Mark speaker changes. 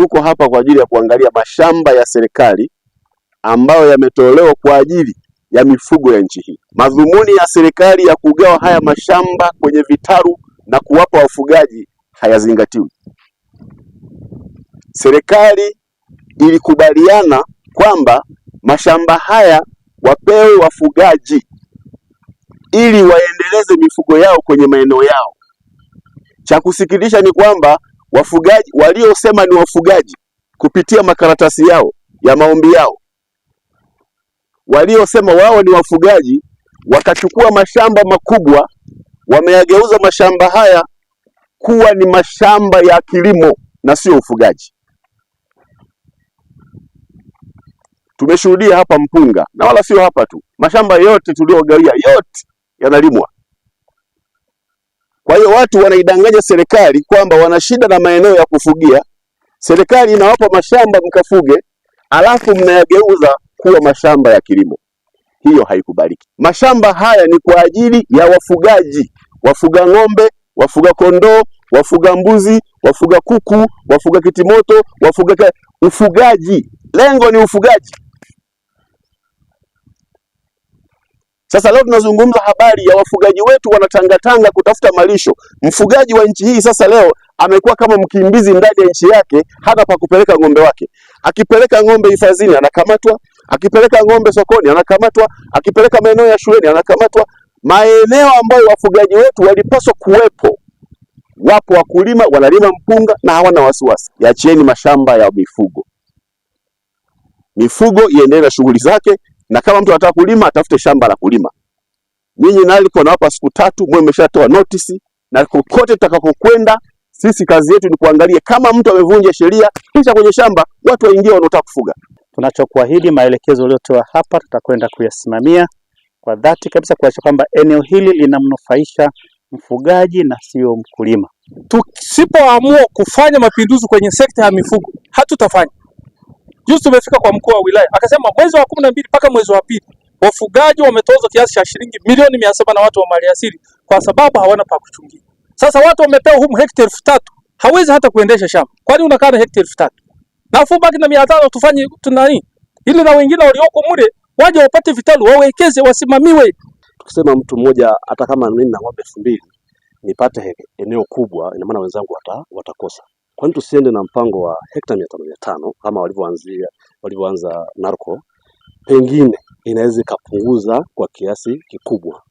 Speaker 1: tuko hapa kwa ajili ya kuangalia mashamba ya serikali ambayo yametolewa kwa ajili ya mifugo ya nchi hii. Madhumuni ya serikali ya kugawa haya mashamba kwenye vitaru na kuwapa wafugaji hayazingatiwi. Serikali ilikubaliana kwamba mashamba haya wapewe wafugaji ili waendeleze mifugo yao kwenye maeneo yao. Cha kusikitisha ni kwamba wafugaji waliosema ni wafugaji kupitia makaratasi yao ya maombi yao, waliosema wao ni wafugaji wakachukua mashamba makubwa, wameyageuza mashamba haya kuwa ni mashamba ya kilimo na sio ufugaji. Tumeshuhudia hapa Mpunga na wala sio hapa tu, mashamba yote tuliyogawia yote yanalimwa kwa hiyo watu wanaidanganya serikali kwamba wana shida na maeneo ya kufugia, serikali inawapa mashamba mkafuge, alafu mnayageuza kuwa mashamba ya kilimo. Hiyo haikubaliki. Mashamba haya ni kwa ajili ya wafugaji, wafuga ng'ombe, wafuga kondoo, wafuga mbuzi, wafuga kuku, wafuga kitimoto, wafuga ufugaji. Lengo ni ufugaji. Sasa leo tunazungumza habari ya wafugaji wetu wanatangatanga kutafuta malisho. Mfugaji wa nchi hii sasa leo amekuwa kama mkimbizi ndani ya nchi yake, hana pa kupeleka ng'ombe wake. Akipeleka ng'ombe hifadhini anakamatwa, akipeleka ng'ombe sokoni anakamatwa, akipeleka maeneo ya shuleni anakamatwa. Maeneo ambayo wafugaji wetu walipaswa kuwepo, wapo wakulima wanalima mpunga na hawana wasiwasi. Yachieni mashamba ya mifugo, mifugo iendelee na shughuli zake na kama mtu anataka kulima atafute shamba la kulima. Ninyi NALCO nawapa siku tatu, mwe mmeshatoa notisi, na kokote tutakapokwenda sisi kazi yetu ni kuangalia kama mtu amevunja sheria, kisha kwenye shamba watu waingie wanaotaka kufuga.
Speaker 2: Tunachokuahidi, maelekezo yaliotoa hapa tutakwenda kuyasimamia kwa dhati kabisa, kuhakikisha kwamba eneo hili linamnufaisha mfugaji na sio mkulima.
Speaker 3: Tusipoamua kufanya mapinduzi kwenye sekta ya mifugo hatutafanya Juzi tumefika kwa mkuu wa wilaya akasema mwezi wa kumi na mbili mpaka mwezi wa pili wafugaji wametozwa kiasi cha shilingi milioni mia saba na watu wa maliasili kwa sababu hawana pa kuchungia. Sasa watu wamepewa humu hekta elfu tatu hawezi hata kuendesha shamba. Kwani unakaa na hekta elfu tatu nafuu baki na mia tano tufanye tunani ili na wengine walioko mule waje wapate vitalu wawekeze wasimamiwe.
Speaker 4: Tukisema mtu mmoja hata kama mimi na ng'ombe elfu mbili nipate eneo kubwa, ina maana wenzangu wata, watakosa kwa nini tusiende na mpango wa hekta mia tano mia tano kama walivyoanzia walivyoanza Narco? Pengine inaweza ikapunguza kwa kiasi kikubwa